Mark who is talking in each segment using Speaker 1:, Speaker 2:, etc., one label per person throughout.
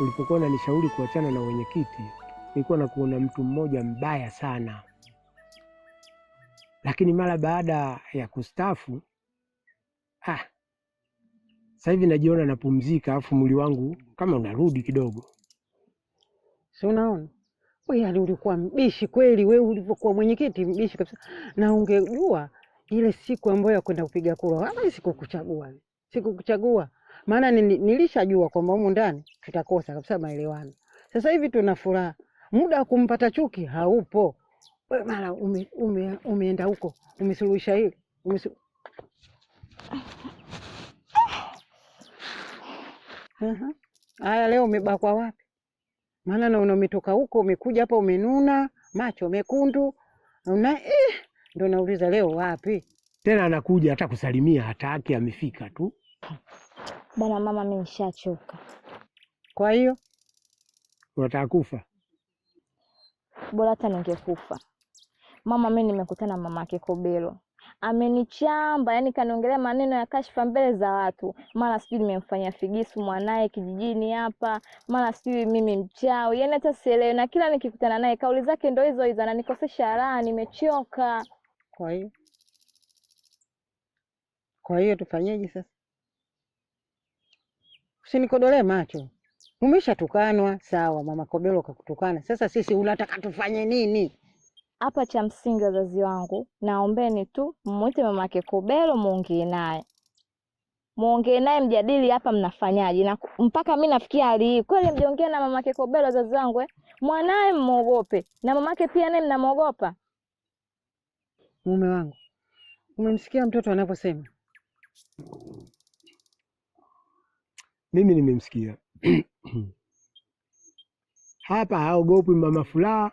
Speaker 1: ulipokuwa unanishauri kuachana na wenyekiti, nilikuwa nakuona mtu mmoja mbaya sana, lakini mara baada ya kustafu ah, sasa hivi najiona napumzika, afu mwili wangu kama unarudi kidogo.
Speaker 2: Si unaona wewe, yaani ulikuwa mbishi kweli. Wewe ulipokuwa mwenyekiti mbishi kabisa, na ungejua ile siku ambayo ya kwenda kupiga kura, ama sikukuchagua, sikukuchagua maana nilishajua kwamba humu ndani tutakosa kabisa maelewano. Sasa hivi tuna furaha, muda wa kumpata chuki haupo. We mara ume, ume, umeenda huko umesuluhisha hili umesu... Haya, leo umebakwa wapi? Maana naona umetoka huko umekuja hapa umenuna, macho mekundu una eh, ndo nauliza leo wapi
Speaker 1: tena? Anakuja hata kusalimia hataki, amefika tu
Speaker 3: Bwana mama, mimi nishachoka.
Speaker 2: Kwa hiyo
Speaker 1: watakufa,
Speaker 3: bora hata ningekufa. Mama, mimi nimekutana na mama yake Kobelo, amenichamba yani, kaniongelea maneno ya kashfa mbele za watu, mara sijui nimemfanyia figisu mwanaye kijijini hapa, mara sijui mimi mchawi, yani hata sielewi. Na kila nikikutana naye kauli zake ndo hizo hizo, ananikosesha raha, nimechoka.
Speaker 2: Kwa hiyo kwa hiyo tufanyeje sasa? Usinikodole macho. Umesha tukanwa sawa, mama Kobelo kakutukana. Sasa sisi unataka tufanye nini?
Speaker 3: Hapa cha msingi, wazazi wangu, naombeni tu mmwite mamake Kobelo, muongee naye, muongee naye, mjadili hapa mnafanyaje. Na mpaka mi nafikia hali hii kweli, mjongee na mamake Kobelo, wazazi wangu mwanae eh? Mwanaye mmogope na mamake pia naye mnamwogopa.
Speaker 2: Mume wangu, umemsikia mtoto anavyosema?
Speaker 1: Mimi nimemsikia hapa haogopi mama Furaha,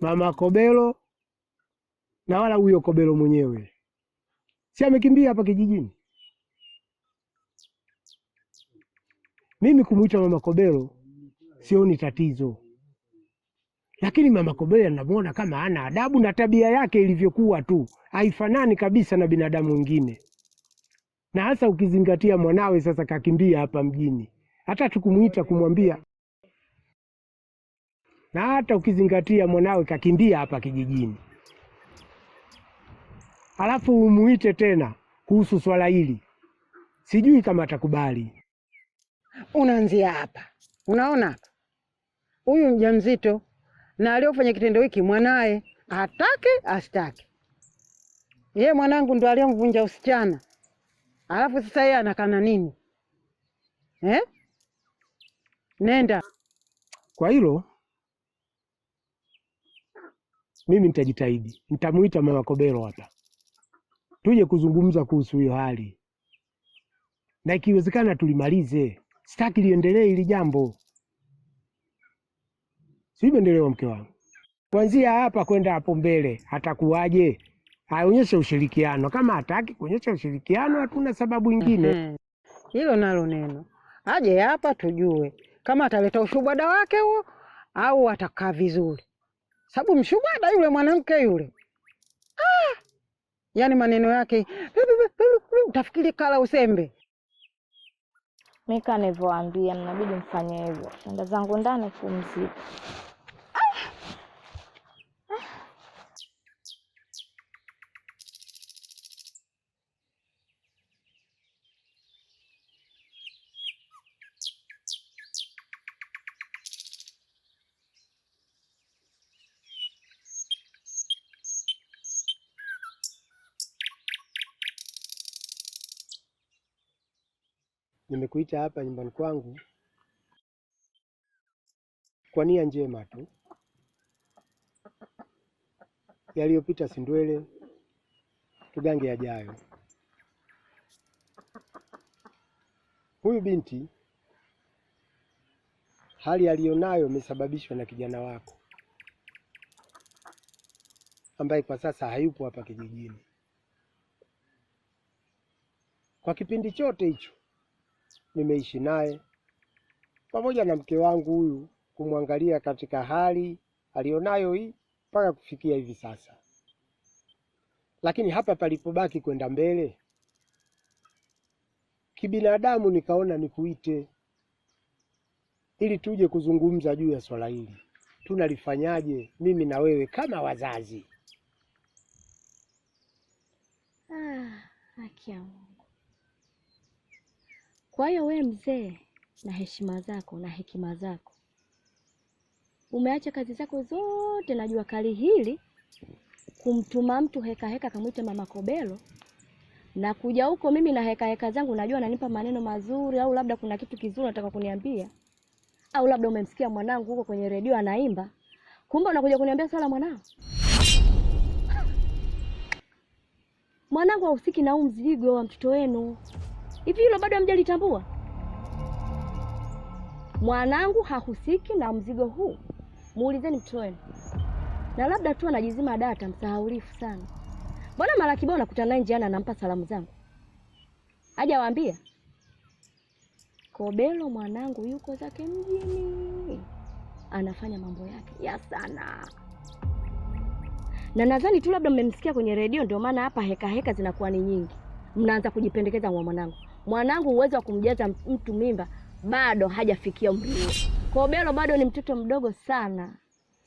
Speaker 1: mama Kobelo na wala huyo Kobelo mwenyewe, si amekimbia hapa kijijini. Mimi kumwita mama Kobelo sioni tatizo, lakini mama Kobelo anamwona kama ana adabu na tabia yake ilivyokuwa tu haifanani kabisa na binadamu mwingine na hasa ukizingatia mwanawe sasa kakimbia hapa mjini, hata tukumuita kumwambia, na hata ukizingatia mwanawe kakimbia hapa kijijini, alafu umuite tena kuhusu swala hili, sijui kama atakubali.
Speaker 2: Unaanzia hapa, unaona hapa, huyu mjamzito na aliyofanya kitendo hiki mwanaye, atake asitake, ye mwanangu ndo aliyemvunja usichana Alafu sasa yeye anakana nini eh? Nenda
Speaker 1: kwa hilo, mimi nitajitahidi, nitamuita mama Kobero hapa tuje kuzungumza kuhusu hiyo hali, na ikiwezekana tulimalize. Sitaki liendelee hili jambo, sivyo? mke wangu, kuanzia hapa kwenda hapo mbele hatakuwaje? aonyeshe ushirikiano. Kama hataki kuonyesha ushirikiano, hatuna sababu ingine. Mhm.
Speaker 2: Hilo nalo neno, aje hapa tujue kama ataleta ushubwada wake huo au atakaa vizuri, sababu mshubada yule mwanamke yule ah! Yaani maneno yake utafikiri kala usembe.
Speaker 3: Mika anavyowaambia, mnabidi mfanye hivyo. Tanda zangu ndani pumzika.
Speaker 1: nimekuita hapa nyumbani kwangu kwa nia njema tu. Yaliyopita sindwele tugange yajayo. Huyu binti hali aliyonayo imesababishwa na kijana wako ambaye kwa sasa hayupo hapa kijijini. Kwa kipindi chote hicho nimeishi naye pamoja na mke wangu huyu, kumwangalia katika hali alionayo hii mpaka kufikia hivi sasa. Lakini hapa palipobaki kwenda mbele kibinadamu, nikaona nikuite ili tuje kuzungumza juu ya swala hili, tunalifanyaje mimi na wewe kama wazazi.
Speaker 3: Ah, kwa hiyo we mzee, na heshima zako na hekima zako, umeacha kazi zako zote na jua kali hili kumtuma mtu heka heka kamwite mama Kobelo na kuja huko mimi na heka heka zangu, najua nanipa maneno mazuri, au labda kuna kitu kizuri nataka kuniambia, au labda umemsikia mwanangu huko kwenye redio anaimba, kumbe unakuja kuniambia swala mwanao. Mwanangu hahusiki na huu mzigo wa mtoto wenu. Hivi hilo bado hamjalitambua? Mwanangu hahusiki na mzigo huu, muulizeni mtoto wenu. Na labda tu anajizima data, msahaulifu sana. Mbona mara kibao nakutana naye njiani anampa salamu zangu, hajawaambia Kobelo mwanangu yuko zake mjini anafanya mambo yake ya sana, na nadhani tu labda mmemsikia kwenye redio, ndio maana hapa heka heka zinakuwa ni nyingi, mnaanza kujipendekeza kwa mwanangu mwanangu uwezo wa kumjaza mtu mimba bado hajafikia umri huo. Kwa Belo bado ni mtoto mdogo sana,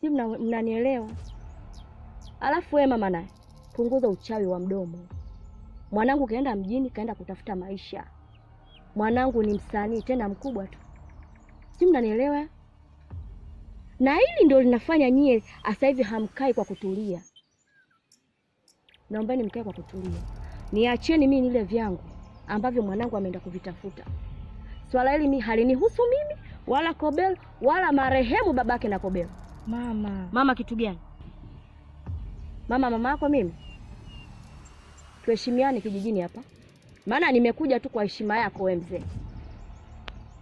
Speaker 3: si mnanielewa? Mna alafu wewe mama naye punguza uchawi wa mdomo. Mwanangu kaenda mjini, kaenda kutafuta maisha. Mwanangu ni msanii tena mkubwa tu, si mnanielewa? Na hili ndio linafanya nyie sasa hivi hamkai kwa kutulia. Naombeni mkae kwa kutulia, niacheni mimi nile vyangu ambavyo mwanangu ameenda kuvitafuta. Swala hili mi halinihusu mimi wala Kobel wala marehemu babake na Kobelo. Mama, mama kitu gani? Mama mama yako mimi? Tuheshimiane kijijini hapa, maana nimekuja tu kwa heshima yako wewe mzee,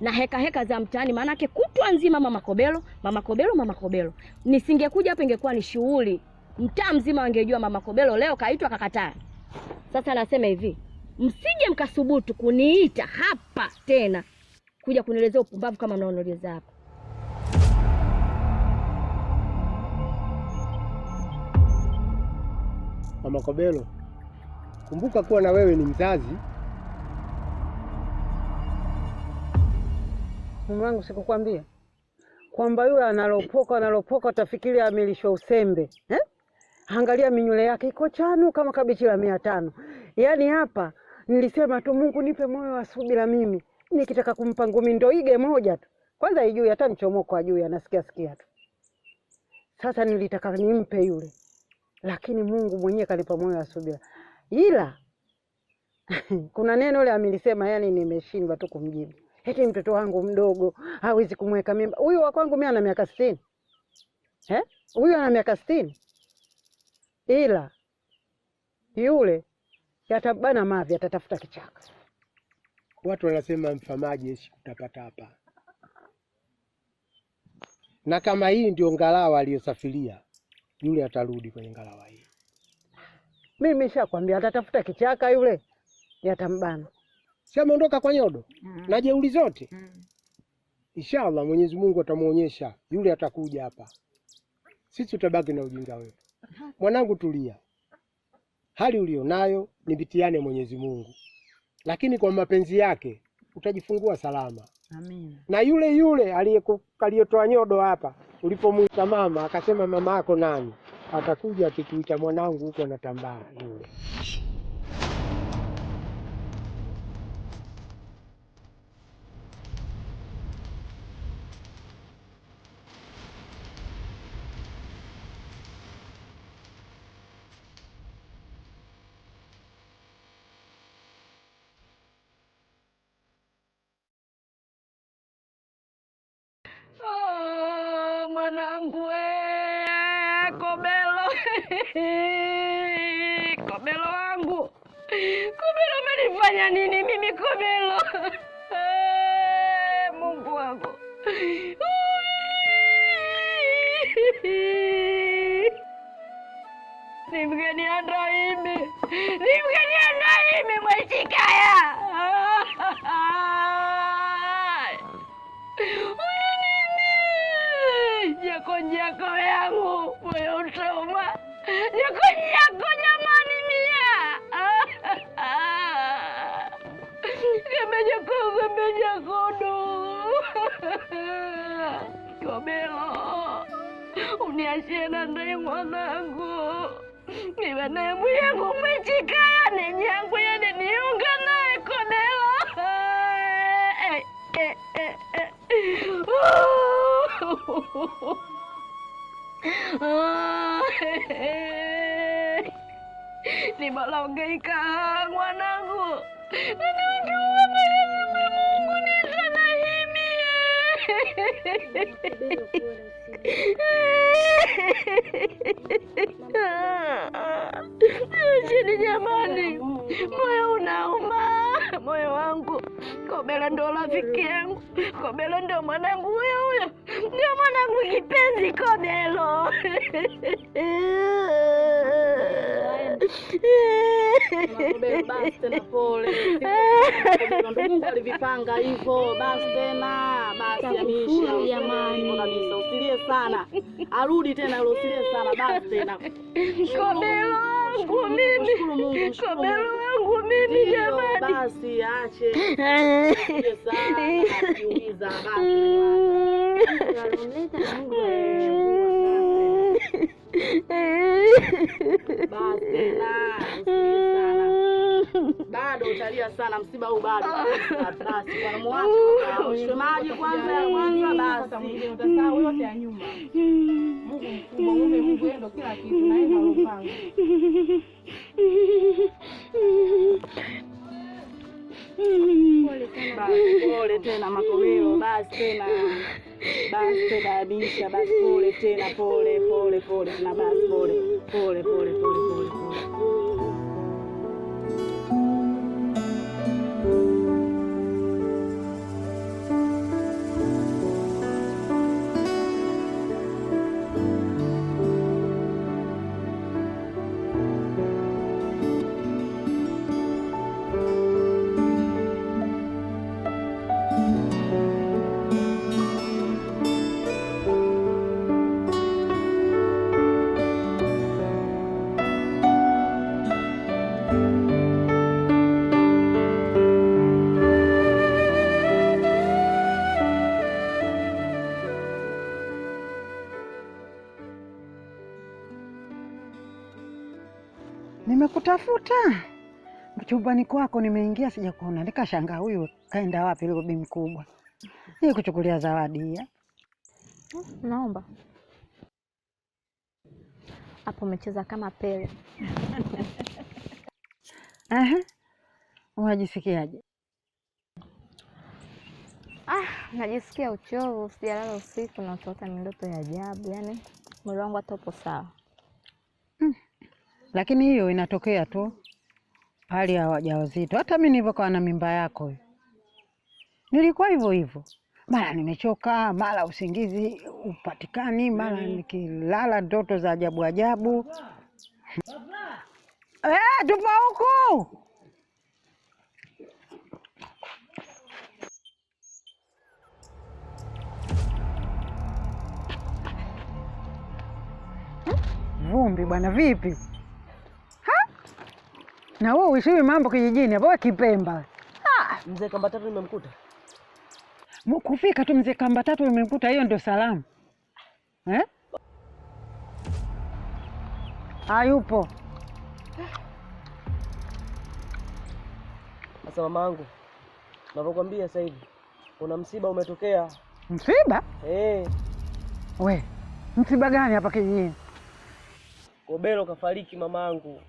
Speaker 3: na heka heka za mtaani, maanake kutwa nzima mama Kobelo, mama Kobelo, mama Kobelo. Nisingekuja hapa ingekuwa ni shughuli, mtaa mzima wangejua mama Kobelo leo kaitwa, kakataa. Sasa nasema hivi msije mkasubutu kuniita hapa tena kuja kunielezea upumbavu kama mnaonieleza hapa.
Speaker 1: Mama Kobelo, kumbuka kuwa na wewe ni mzazi.
Speaker 2: Mume wangu, sikukwambia kwamba yule analopoka analopoka utafikiri amilishwa usembe eh? Angalia minyule yake iko chanu kama kabichi la mia tano. Yaani hapa Nilisema tu Mungu nipe moyo wa subira, mimi nikitaka kumpa ngumi ndo ige moja tu, kwanza ijui hata nichomoko ajui, anasikia sikia tu. Sasa nilitaka nimpe yule, lakini Mungu mwenyewe kalipa moyo wa subira, ila kuna neno ile amilisema, yani nimeshindwa tu kumjibu. Eti mtoto wangu mdogo hawezi kumweka mimba. Huyu wa kwangu mimi ana miaka eh, huyu ana miaka 60 ila yule yatabana mavi, atatafuta kichaka.
Speaker 1: Watu wanasema mfamaji kutapata hapa, na kama hii ndio ngalawa aliyosafiria yule, atarudi kwenye ngalawa hii.
Speaker 2: Mimi nimeshakwambia atatafuta kichaka yule, yatambana.
Speaker 1: Si ameondoka kwa nyodo mm na jeuri zote mm allah Inshallah Mwenyezi Mungu atamwonyesha yule, atakuja hapa, sisi tutabaki na ujinga wetu. Mwanangu, tulia hali ulionayo ni mtihani Mwenyezi Mungu, lakini kwa mapenzi yake utajifungua salama. Amina. Na yule yule aliyetoa nyodo hapa ulipomwita mama, akasema mama yako nani, atakuja akikuita mwanangu, huko na tambaa yule
Speaker 2: mwanangu, eh, Kobelo Kobelo wangu, Kobelo umenifanya nini mimi Kobelo? Eh, Mungu wangu nimgenia Naimi, nimgenia mwesikaya Mwitikaya wangu moyo utoma niko yako jamani, mia gemejakogemejakodo kobelo uniachie na ndai mwanangu niwe naye mwiyangu mwichikaya ninyangu yene niunga naye kodelo eh, Nibalongeika mwanangu, nimejua Mwenyezi Mungu nisalahimie. Chini jamani, moyo unauma, moyo wangu. Kobela ndo rafiki yangu, Kobela ndo mwanangu huyo huyo ndio mwanangu kipenzi Kobelo.
Speaker 4: Basi tena pole. alivipanga hivyo, basi tena basi ameisha jamani. usilie sana. Arudi tena usilie sana basi tena.
Speaker 2: Kobelo Kobelo wangu mimi jamani.
Speaker 4: Basi ache. Usilie sana. basi. bado utalia sana msiba huu bado. Basi mwache maji kwanza kwanza, basi utasahau yote ya nyuma. Mungu mkubwa, ume Mungu ndo kila kitu, naenda upanga Pole tena Makomeo, basi tena basi kabisa, basi pole tena, pole pole pole na basi pole pole pole pole pole.
Speaker 2: kutafuta chumbani kwako nimeingia, sijakuona, nikashangaa huyu kaenda wapi? Leo bibi mkubwa ni kuchukulia zawadi ya
Speaker 3: naomba hapo. Umecheza kama Pele.
Speaker 2: Aha, unajisikiaje?
Speaker 3: Ah, najisikia uchovu, sijalala usiku, ni mindoto ya ajabu, yaani mwili wangu hata upo sawa
Speaker 2: lakini hiyo inatokea tu hali ya wajawazito. Hata mimi nilivyokuwa na mimba yako nilikuwa hivyo hivyo, mara nimechoka, mara usingizi upatikani, mara mm. nikilala ndoto za ajabu ajabu. Eh, tupa huku vumbi bwana, vipi? Na wewe uishiwi mambo kijijini hapo wewe Kipemba.
Speaker 5: Ah, mzee kamba tatu nimemkuta.
Speaker 2: Mkufika tu mzee kamba tatu nimemkuta, hiyo ndio salamu. Eh? Hayupo.
Speaker 5: Sasa yangu, navyokwambia sasa hivi kuna msiba umetokea. Msiba? Eh.
Speaker 2: We, msiba gani hapa kijijini?
Speaker 5: Kobelo kafariki mamangu.